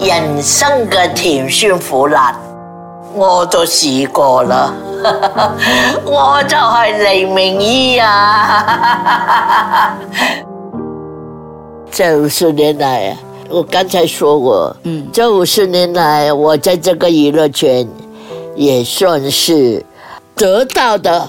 人生嘅甜酸苦辣，我都試過了 我就係黎明姨啊！ 這五十年來，我剛才說過，嗯，這五十年來，我在這個娛樂圈也算是得到的。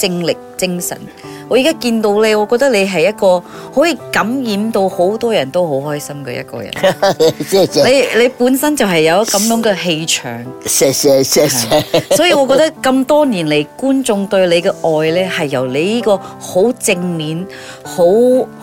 精力精神，我而家見到你，我覺得你係一個可以感染到好多人都好開心嘅一個人。 你你本身就係有咁樣嘅氣場 所以我覺得咁多年嚟，觀眾對你嘅愛咧，係由你呢個好正面、好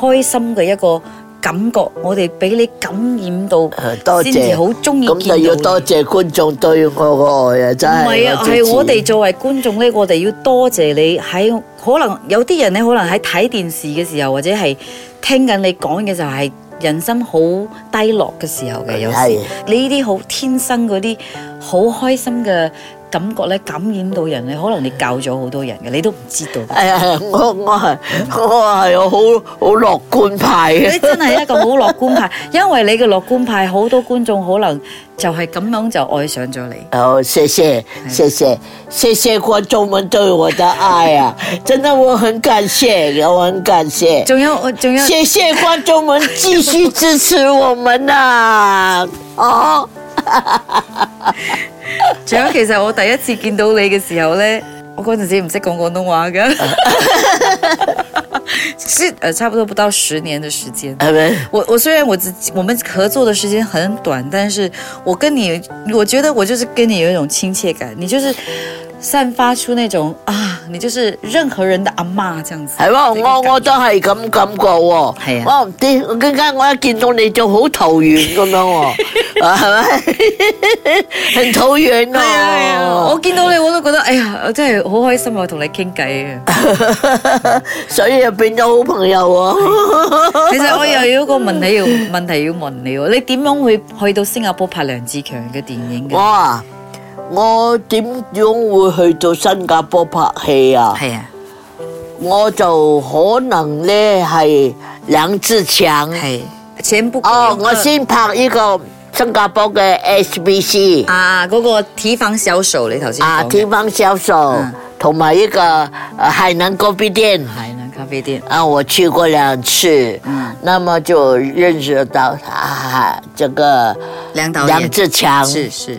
開心嘅一個。感覺我哋俾你感染到，先至好中意。咁就要多謝觀眾對我個愛啊！真係唔係啊，係我哋作為觀眾咧，我哋要多謝你喺可能有啲人咧，可能喺睇電視嘅時候，或者係聽緊你講嘅就係人生好低落嘅時候嘅，有時你呢啲好天生嗰啲好開心嘅。感覺咧，感染到人，你可能你教咗好多人嘅，你都唔知道。誒、哎，我我係我係我好好樂觀派嘅，啊， 你真係一個好樂觀派。因為你嘅樂觀派，好多觀眾可能就係咁樣就愛上咗你。好，哦，謝謝謝謝謝謝觀眾們對我的愛啊！真的我很感謝，我很感謝。仲有我，仲有謝謝觀眾們繼續支持我們啦，啊！哦！仲有，其實我第一次見到你嘅時候呢，我嗰陣時唔識講廣東話㗎，即係、 呃、差不多不到十年的時間。我我雖然我我們合作的時間很短，但是我跟你，我覺得我就是跟你有一種親切感，你就是。散發出那種啊，你就是任何人的阿媽這樣子，係喎、啊，我我都係咁感覺喎、哦，係啊，我唔知，我更加我一見到你就好投緣咁樣喎、哦，係咪？很投緣啊！係是、 哦、啊，啊，我見到你我都覺得，哎呀，我真係好開心我同你傾偈啊， 所以又變咗好朋友喎、哦啊。其實我又有一個問題要問題要問你喎，你點樣會去到新加坡拍梁志強嘅電影嘅？哇我點樣會去到新加坡拍戲啊？係啊，我就可能咧係梁志強，係先不哦，我先拍一個新加坡嘅 HBC 啊，嗰、那個提防銷、啊、銷售。你頭先啊，提防銷售同埋一個海南咖啡店，海南咖啡店啊，我去過兩次，嗯，那麼就認識到啊，這個梁導梁志強，是是。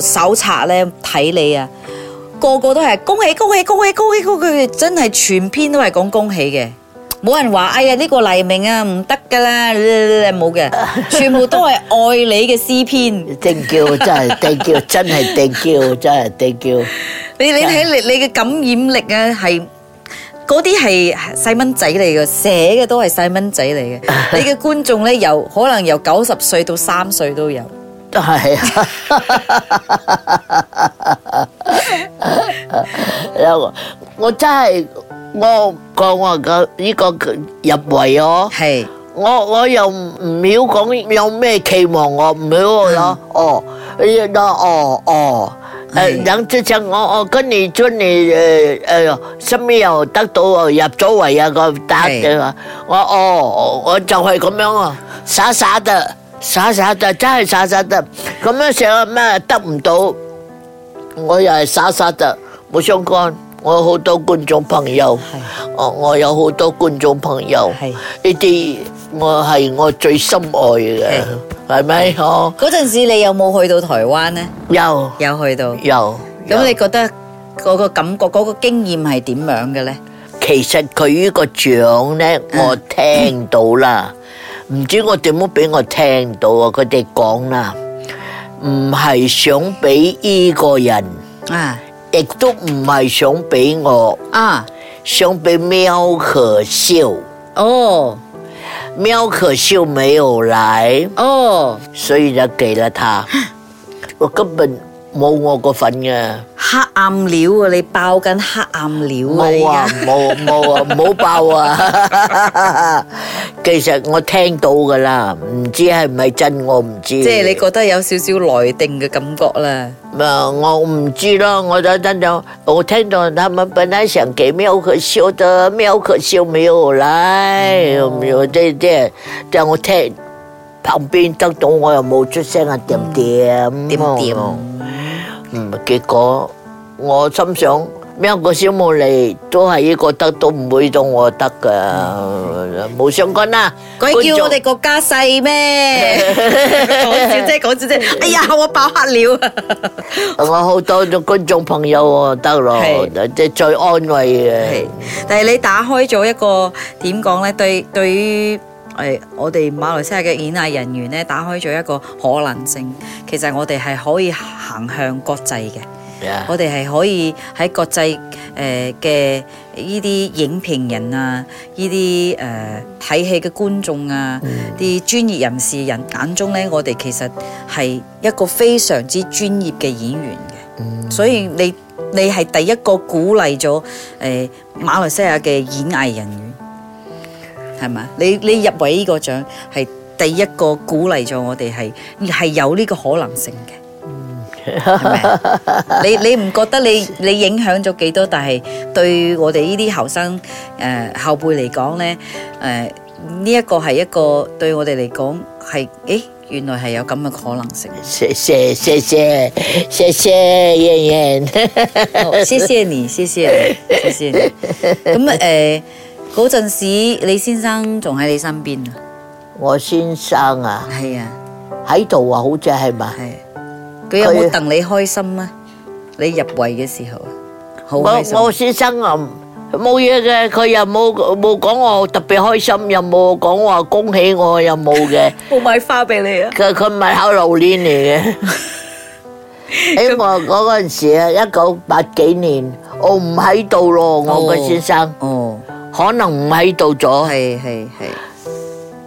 手冊咧睇你啊，個個都係恭喜恭喜恭喜恭喜恭喜，真係全篇都係講恭喜嘅，冇人話哎呀呢個黎明啊唔得㗎啦，冇嘅，全部都係愛你嘅詩篇。定叫真係定叫真係定叫真係定叫，你你睇你你嘅感染力啊，係嗰啲係細蚊仔嚟嘅，寫嘅都係細蚊仔嚟嘅，你嘅觀眾咧由可能由九十歲到三歲都有。係啊，又我我真係我講話個呢個入圍哦，係我我又唔唔要講有咩期望我唔要我咯，哦，呢個哦哦，誒，等即係我我跟你將你誒誒，身邊又得到入咗圍一個打嘅，我哦，我就係咁樣啊，傻傻的。耍耍得真係耍耍得，咁樣成個咩得唔到？我又係耍耍得冇相干。我有好多觀眾朋友，我我有好多觀眾朋友呢啲，我係我最心愛嘅，係咪？哦，嗰陣時你有冇去到台灣呢？有，有去到。有。咁你覺得嗰個感覺、嗰個經驗係點樣嘅呢？其實佢呢個獎呢，我聽到啦。唔知我點樣俾我聽到啊！佢哋講啦，唔係想俾呢個人啊，亦都唔係想俾我啊，想俾喵可笑哦，喵可笑沒有來哦，所以就給了他，啊，我根本。冇我嗰份㗎。黑暗料啊！你爆緊黑暗料啊！冇啊！冇冇啊！唔好爆啊！其實我聽到噶啦，唔知係咪真我唔知。即係你覺得有少少內定嘅感覺啦。啊，我唔知咯，我就聽到我聽到他們本來想給妙可笑的，妙可笑沒有來，沒有即即，但係我聽旁邊聽到我又冇出聲啊，點點點點。嗯，結果我心想咩，一個小冇嚟，都係一個得，都唔會到我得噶，冇相干啦。鬼叫我哋國家細咩？講笑啫，講笑啫。哎呀，我爆黑了。我好多咗觀眾朋友啊得咯，即係最安慰嘅。但係你打開咗一個點講咧？對，對於。誒，我哋馬來西亞嘅演藝人員咧，打開咗一個可能性。其實我哋係可以行向國際嘅，yeah. 我哋係可以喺國際誒嘅呢啲影評人啊，呢啲誒睇戲嘅觀眾啊，啲、mm. 專業人士人眼中咧，我哋其實係一個非常之專業嘅演員嘅。Mm. 所以你你係第一個鼓勵咗誒馬來西亞嘅演藝人員。係嘛？你你入圍呢個獎係第一個鼓勵咗我哋，係係有呢個可能性嘅。係咪？你你唔覺得你你影響咗幾多？但係對我哋呢啲後生誒後輩嚟講咧，誒呢一個係一個對我哋嚟講係誒，原來係有咁嘅可能性。謝謝謝謝謝謝燕燕，謝謝你，謝謝你，謝謝你。咁誒。嗰陣時，李先生仲喺你身邊啊！我先生啊，係啊，喺度啊，好正係咪？係佢有冇戥你開心啊？你入圍嘅時候，好開心。我我先生啊，冇嘢嘅，佢又冇冇講我特別開心，又冇講話恭喜我，又冇嘅。冇買花俾你啊！佢佢買巧榴蓮嚟嘅。喺我嗰陣時啊，一九八幾年，我唔喺度咯，我嘅先生。可能唔喺到咗，係係係。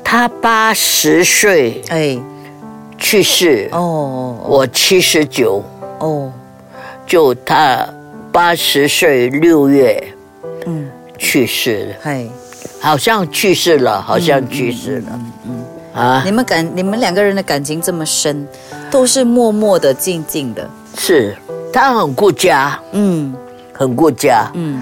他八十歲，去世。哦，我七十九。哦，就他八十歲六月，嗯，去世了。係，好像去世了，好像去世了。嗯，嗯嗯啊，你們感你們兩個人的感情這麼深，都是默默的、靜靜的。是，他很顧家，嗯，很顧家，嗯。